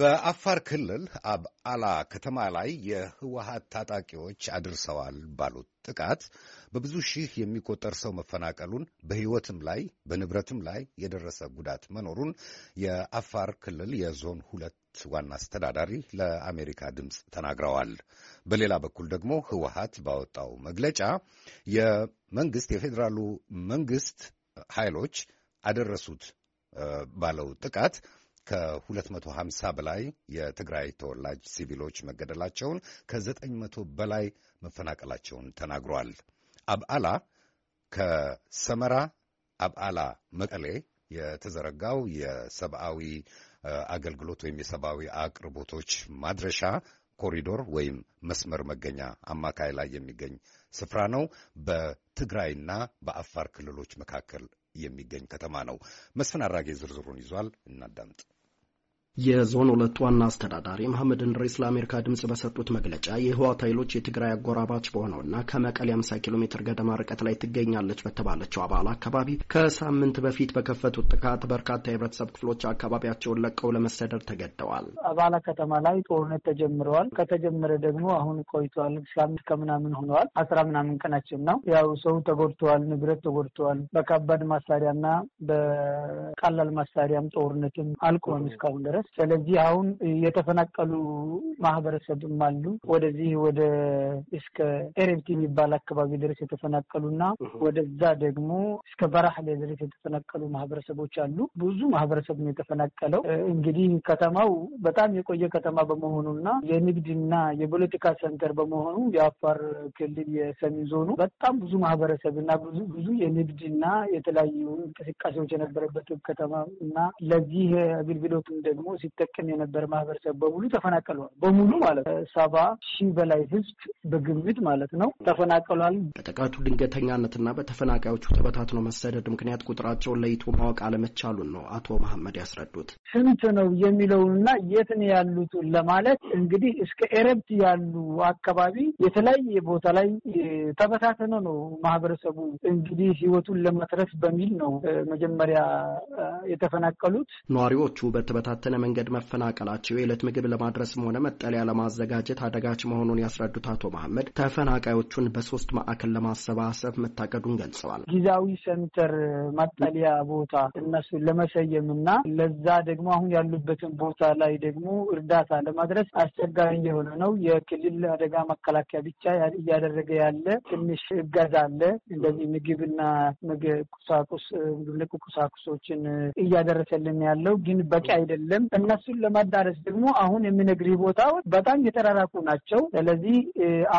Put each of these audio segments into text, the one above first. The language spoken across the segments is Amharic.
በአፋር ክልል አብዓላ ከተማ ላይ የህወሀት ታጣቂዎች አድርሰዋል ባሉት ጥቃት በብዙ ሺህ የሚቆጠር ሰው መፈናቀሉን በሕይወትም ላይ በንብረትም ላይ የደረሰ ጉዳት መኖሩን የአፋር ክልል የዞን ሁለት ዋና አስተዳዳሪ ለአሜሪካ ድምፅ ተናግረዋል። በሌላ በኩል ደግሞ ህወሀት ባወጣው መግለጫ የመንግስት የፌዴራሉ መንግስት ኃይሎች አደረሱት ባለው ጥቃት ከ250 በላይ የትግራይ ተወላጅ ሲቪሎች መገደላቸውን ከዘጠኝ መቶ በላይ መፈናቀላቸውን ተናግሯል። አብዓላ ከሰመራ አብዓላ መቀሌ የተዘረጋው የሰብአዊ አገልግሎት ወይም የሰብአዊ አቅርቦቶች ማድረሻ ኮሪዶር ወይም መስመር መገኛ አማካይ ላይ የሚገኝ ስፍራ ነው። በትግራይና በአፋር ክልሎች መካከል የሚገኝ ከተማ ነው። መስፍን አራጌ ዝርዝሩን ይዟል። እናዳምጥ። የዞን ሁለት ዋና አስተዳዳሪ መሐመድ እንድሬስ ለአሜሪካ ድምጽ በሰጡት መግለጫ የህወሓት ኃይሎች የትግራይ አጎራባች በሆነውና ከመቀሌ 50 ኪሎ ሜትር ገደማ ርቀት ላይ ትገኛለች በተባለችው አባል አካባቢ ከሳምንት በፊት በከፈቱት ጥቃት በርካታ የህብረተሰብ ክፍሎች አካባቢያቸውን ለቀው ለመሰደድ ተገደዋል። አባላ ከተማ ላይ ጦርነት ተጀምረዋል። ከተጀመረ ደግሞ አሁን ቆይተዋል። ሳምንት ከምናምን ሆነዋል። አስራ ምናምን ቀናችን ነው። ያው ሰው ተጎድተዋል፣ ንብረት ተጎድተዋል። በከባድ መሳሪያና በቀላል መሳሪያም ጦርነትም አልቆም እስካሁን ድረስ ስለዚህ አሁን የተፈናቀሉ ማህበረሰብም አሉ። ወደዚህ ወደ እስከ ኤረብቲ የሚባል አካባቢ ድረስ የተፈናቀሉና ወደዛ ደግሞ እስከ በራህሌ ድረስ የተፈናቀሉ ማህበረሰቦች አሉ። ብዙ ማህበረሰብ ነው የተፈናቀለው። እንግዲህ ከተማው በጣም የቆየ ከተማ በመሆኑና የንግድና የፖለቲካ ሰንተር በመሆኑ የአፋር ክልል የሰሜን ዞኑ በጣም ብዙ ማህበረሰብና ብዙ ብዙ የንግድና የተለያዩ እንቅስቃሴዎች የነበረበት ከተማ እና ለዚህ አገልግሎትም ደግሞ ሲጠቀም የነበረ ማህበረሰብ በሙሉ ተፈናቅሏል። በሙሉ ማለት ሰባ ሺህ በላይ ህዝብ በግምት ማለት ነው ተፈናቅሏል። በጥቃቱ ድንገተኛነትና በተፈናቃዮቹ ተበታትኖ መሰደድ ምክንያት ቁጥራቸውን ለይቶ ማወቅ አለመቻሉን ነው አቶ መሐመድ ያስረዱት። ስንት ነው የሚለውንና የት ነው ያሉት ለማለት እንግዲህ እስከ ኤረብት ያሉ አካባቢ የተለያየ ቦታ ላይ ተበታተነ ነው ማህበረሰቡ እንግዲህ ህይወቱን ለመትረፍ በሚል ነው መጀመሪያ የተፈናቀሉት ነዋሪዎቹ በተበታተነ መንገድ መፈናቀላቸው የዕለት ምግብ ለማድረስም ሆነ መጠለያ ለማዘጋጀት አደጋች መሆኑን ያስረዱት አቶ መሐመድ ተፈናቃዮቹን በሶስት ማዕከል ለማሰባሰብ መታቀዱን ገልጸዋል። ጊዜያዊ ሴንተር መጠለያ ቦታ እነሱን ለመሰየም እና ለዛ ደግሞ አሁን ያሉበትን ቦታ ላይ ደግሞ እርዳታ ለማድረስ አስቸጋሪ የሆነ ነው። የክልል አደጋ መከላከያ ብቻ እያደረገ ያለ ትንሽ እገዛ አለ። እንደዚህ ምግብና ቁሳቁስ ምግብ ቁሳቁሶችን እያደረሰልን ያለው ግን በቂ አይደለም። እነሱን ለማዳረስ ደግሞ አሁን የምነግርህ ቦታዎች በጣም የተራራቁ ናቸው። ስለዚህ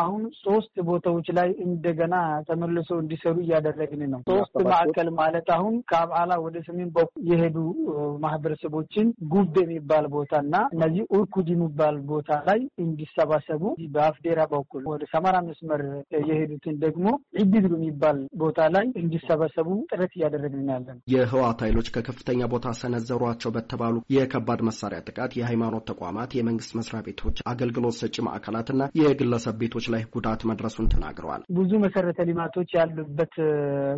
አሁን ሶስት ቦታዎች ላይ እንደገና ተመልሶ እንዲሰሩ እያደረግን ነው። ሶስት ማዕከል ማለት አሁን ከአብዓላ ወደ ሰሜን በኩል የሄዱ ማህበረሰቦችን ጉብ የሚባል ቦታ እና እነዚህ ኡርኩድ የሚባል ቦታ ላይ እንዲሰባሰቡ በአፍዴራ በኩል ወደ ሰማራ መስመር የሄዱትን ደግሞ ዒቢድሉ የሚባል ቦታ ላይ እንዲሰባሰቡ ጥረት እያደረግን ያለን የህወሓት ኃይሎች ከከፍተኛ ቦታ ሰነዘሯቸው በተባሉ የከባድ የከባድ መሳሪያ ጥቃት የሃይማኖት ተቋማት፣ የመንግስት መስሪያ ቤቶች፣ አገልግሎት ሰጪ ማዕከላትና የግለሰብ ቤቶች ላይ ጉዳት መድረሱን ተናግረዋል። ብዙ መሰረተ ልማቶች ያሉበት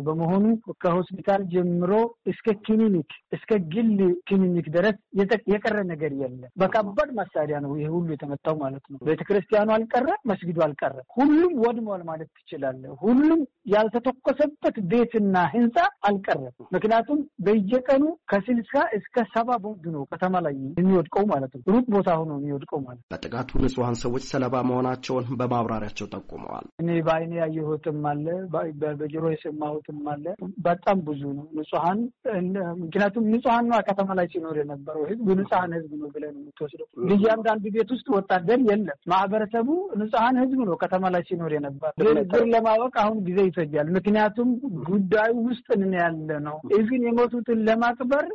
በመሆኑ ከሆስፒታል ጀምሮ እስከ ክሊኒክ እስከ ግል ክሊኒክ ድረስ የቀረ ነገር የለም። በከባድ መሳሪያ ነው ይህ ሁሉ የተመታው ማለት ነው። ቤተክርስቲያኑ አልቀረ፣ መስጊዱ አልቀረ፣ ሁሉም ወድሟል ማለት ትችላለ። ሁሉም ያልተተኮሰበት ቤትና ህንፃ አልቀረም። ምክንያቱም በየቀኑ ከስልሳ እስከ ሰባ ቦምብ ነው ከተማ ላይ ላይ የሚወድቀው ማለት ነው። ሩቅ ቦታ ሆኖ የሚወድቀው ማለት ነው። በጥቃቱ ንጹሐን ሰዎች ሰለባ መሆናቸውን በማብራሪያቸው ጠቁመዋል። እኔ በአይኔ ያየሁትም አለ፣ በጆሮ የሰማሁትም አለ። በጣም ብዙ ነው ንጹሐን። ምክንያቱም ንጹሐን ነው ከተማ ላይ ሲኖር የነበረው ህዝብ ንጹሐን ህዝብ ነው ብለን የምትወስደው እያንዳንዱ ቤት ውስጥ ወታደር የለም። ማህበረሰቡ ንጹሐን ህዝብ ነው ከተማ ላይ ሲኖር የነበረ ዝርዝር ለማወቅ አሁን ጊዜ ይፈጃል። ምክንያቱም ጉዳዩ ውስጥ ያለ ነው። ኢቭን የሞቱትን ለማቅበር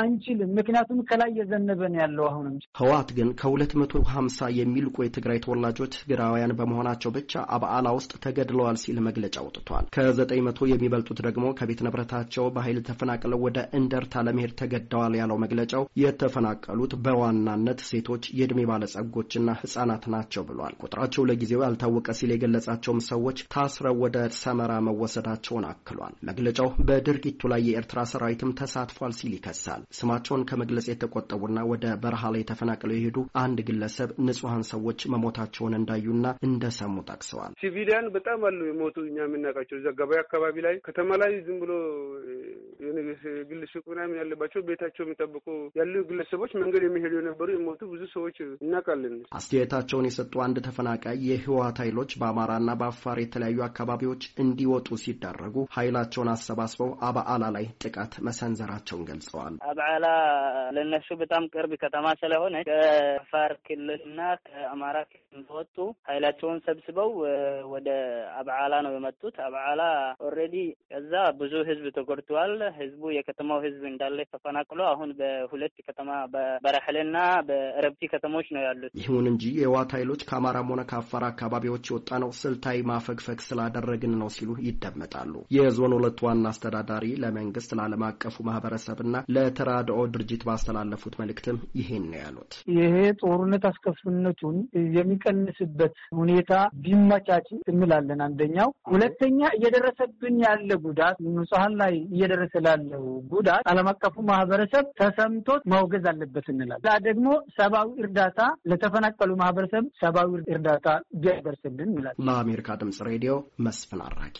አንችልም። ምክንያቱም ከላይ የዘን እያዘነበን ያለው አሁንም። ህወሓት ግን ከሁለት መቶ ሀምሳ የሚልቁ የትግራይ ተወላጆች ትግራውያን በመሆናቸው ብቻ አበዓላ ውስጥ ተገድለዋል ሲል መግለጫ አውጥቷል። ከዘጠኝ መቶ የሚበልጡት ደግሞ ከቤት ንብረታቸው በኃይል ተፈናቅለው ወደ እንደርታ ለመሄድ ተገደዋል ያለው መግለጫው የተፈናቀሉት በዋናነት ሴቶች፣ የእድሜ ባለጸጎችና ህጻናት ናቸው ብሏል። ቁጥራቸው ለጊዜው ያልታወቀ ሲል የገለጻቸውም ሰዎች ታስረው ወደ ሰመራ መወሰዳቸውን አክሏል። መግለጫው በድርጊቱ ላይ የኤርትራ ሰራዊትም ተሳትፏል ሲል ይከሳል። ስማቸውን ከመግለጽ የተቆጠቡና ከተማና ወደ በረሃ ላይ ተፈናቅለው የሄዱ አንድ ግለሰብ ንጹሐን ሰዎች መሞታቸውን እንዳዩና እንደሰሙ ጠቅሰዋል። ሲቪሊያን በጣም አሉ የሞቱ እኛ የምናውቃቸው እዛ ገበያ አካባቢ ላይ ከተማ ላይ ዝም ብሎ ግል ሱቅ ምናምን ያለባቸው ቤታቸው የሚጠብቁ ያሉ ግለሰቦች መንገድ የሚሄዱ የነበሩ የሞቱ ብዙ ሰዎች እናውቃለን። አስተያየታቸውን የሰጡ አንድ ተፈናቃይ የህወሀት ኃይሎች በአማራና በአፋር የተለያዩ አካባቢዎች እንዲወጡ ሲዳረጉ ኃይላቸውን አሰባስበው አበዓላ ላይ ጥቃት መሰንዘራቸውን ገልጸዋል። አበዓላ ለነሱ በጣም በጣም ቅርብ ከተማ ስለሆነ ከአፋር ክልልና ከአማራ ክልል ወጡ ኃይላቸውን ሰብስበው ወደ አብዓላ ነው የመጡት። አብዓላ ኦልሬዲ እዛ ብዙ ህዝብ ተጎድተዋል። ህዝቡ የከተማው ህዝብ እንዳለ ተፈናቅሎ አሁን በሁለት ከተማ በበረሐልና በረብቲ ከተሞች ነው ያሉት። ይሁን እንጂ የህወሓት ኃይሎች ከአማራም ሆነ ከአፋር አካባቢዎች የወጣ ነው ስልታዊ ማፈግፈግ ስላደረግን ነው ሲሉ ይደመጣሉ። የዞን ሁለት ዋና አስተዳዳሪ ለመንግስት ለዓለም አቀፉ ማህበረሰብና ለተራድኦ ድርጅት ባስተላለፉት መልእክት መልእክትም ይሄን ነው ያሉት። ይሄ ጦርነት አስከፊነቱን የሚቀንስበት ሁኔታ ቢመቻች እንላለን። አንደኛው ሁለተኛ፣ እየደረሰብን ያለ ጉዳት ንጹሐን ላይ እየደረሰ ላለው ጉዳት ዓለም አቀፉ ማህበረሰብ ተሰምቶት ማውገዝ አለበት እንላለን። ዛ ደግሞ ሰብአዊ እርዳታ ለተፈናቀሉ ማህበረሰብ ሰብአዊ እርዳታ ቢያደርስልን እንላለን። ለአሜሪካ ድምጽ ሬዲዮ መስፍን አራኪ